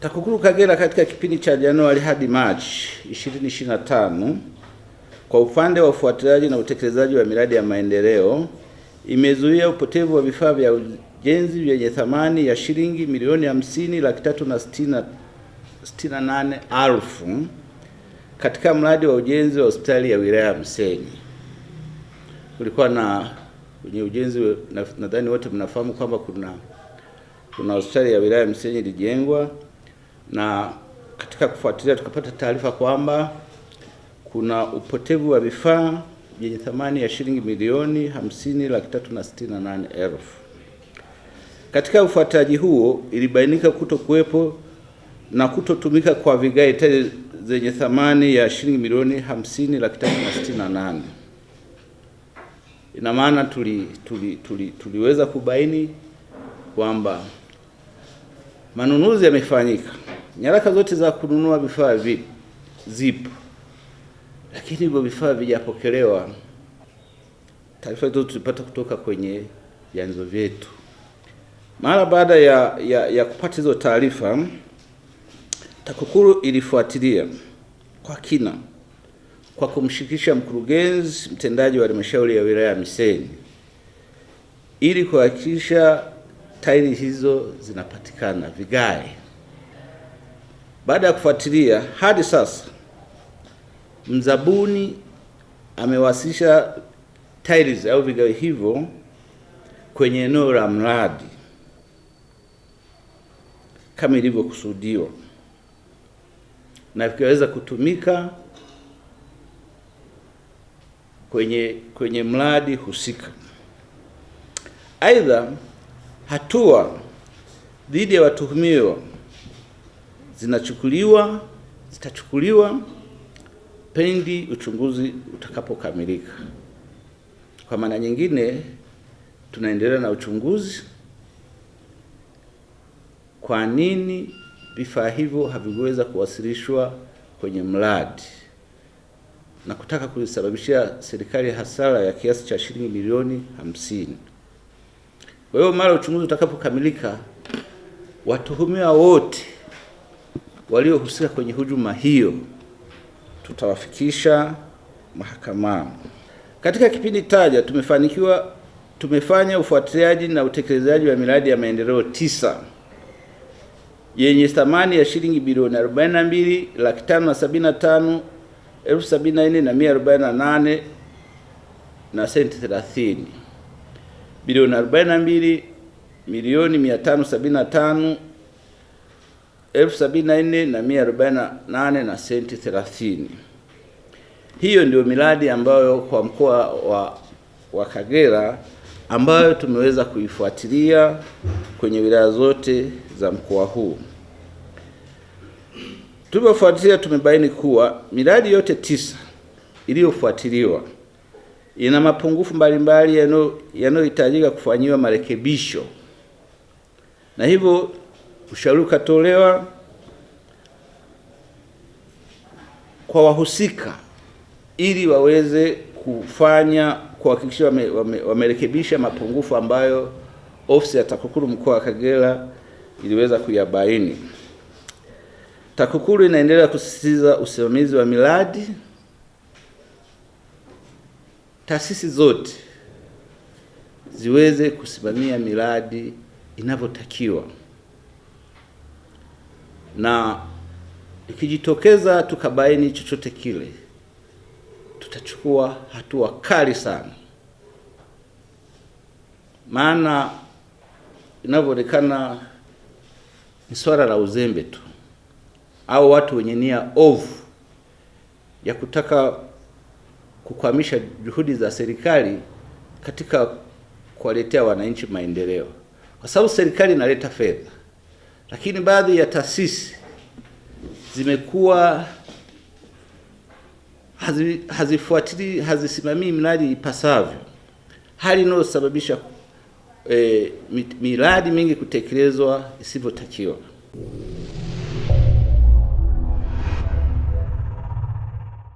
TAKUKURU Kagera katika kipindi cha Januari hadi Machi 2025 kwa upande wa ufuatiliaji na utekelezaji wa miradi ya maendeleo imezuia upotevu wa vifaa vya ujenzi vyenye thamani ya shilingi milioni hamsini laki tatu na sitini na nane elfu katika mradi wa ujenzi wa hospitali ya wilaya ya Msenyi. Kulikuwa na kwenye ujenzi, nadhani wote mnafahamu kwamba kuna kuna hospitali ya wilaya ya Msenyi ilijengwa na katika kufuatilia tukapata taarifa kwamba kuna upotevu wa vifaa vyenye thamani ya shilingi milioni hamsini laki tatu na sitini na nane elfu. Katika ufuataji huo ilibainika kuto kuwepo na kutotumika kwa vigae tele zenye thamani ya shilingi milioni hamsini laki tatu na sitini na nane. Ina maana tuli, tuli, tuli, tuliweza kubaini kwamba manunuzi yamefanyika nyaraka zote za kununua vifaa vi zipo, lakini hivyo vifaa vijapokelewa. Taarifa hizo tulipata kutoka kwenye vyanzo vyetu. Mara baada ya, ya, ya kupata hizo taarifa, TAKUKURU ilifuatilia kwa kina kwa kumshirikisha mkurugenzi mtendaji wa halmashauri ya wilaya ya Misenyi ili kuhakikisha tairi hizo zinapatikana vigae baada ya kufuatilia hadi sasa, mzabuni amewasisha tiles au vigawe hivyo kwenye eneo la mradi kama ilivyokusudiwa na vikaweza kutumika kwenye, kwenye mradi husika. Aidha, hatua dhidi ya watuhumiwa zinachukuliwa zitachukuliwa pendi uchunguzi utakapokamilika. Kwa maana nyingine, tunaendelea na uchunguzi, kwa nini vifaa hivyo haviweza kuwasilishwa kwenye mradi na kutaka kuisababishia serikali hasara ya kiasi cha shilingi milioni hamsini. Kwa hiyo mara uchunguzi utakapokamilika, watuhumiwa wote waliohusika kwenye hujuma hiyo tutawafikisha mahakamani. Katika kipindi taja tumefanikiwa tumefanya ufuatiliaji na utekelezaji wa miradi ya maendeleo tisa yenye thamani ya shilingi bilioni 42 laki tano na sabini na tano elfu sabini na nne na mia arobaini na nane na senti thelathini bilioni 42 milioni mia tano sabini na tano elfu sabini na nne na mia arobaini na nane na senti thelathini. Hiyo ndio miradi ambayo kwa mkoa wa, wa Kagera ambayo tumeweza kuifuatilia kwenye wilaya zote za mkoa huu. tulivyofuatilia tumebaini kuwa miradi yote tisa iliyofuatiliwa ina mapungufu mbalimbali yanayohitajika kufanyiwa marekebisho, na hivyo ushauri ukatolewa kwa wahusika ili waweze kufanya kuhakikisha wame, wame, wamerekebisha mapungufu ambayo ofisi ya TAKUKURU mkoa wa Kagera iliweza kuyabaini. TAKUKURU inaendelea kusisitiza usimamizi wa miradi. Taasisi zote ziweze kusimamia miradi inavyotakiwa na ikijitokeza tukabaini chochote kile, tutachukua hatua kali sana, maana inavyoonekana ni swala la uzembe tu au watu wenye nia ovu ya kutaka kukwamisha juhudi za serikali katika kuwaletea wananchi maendeleo, kwa sababu serikali inaleta fedha lakini baadhi ya taasisi zimekuwa hazifuatili hazisimamii miradi ipasavyo, hali inayosababisha e, miradi mingi kutekelezwa isivyotakiwa.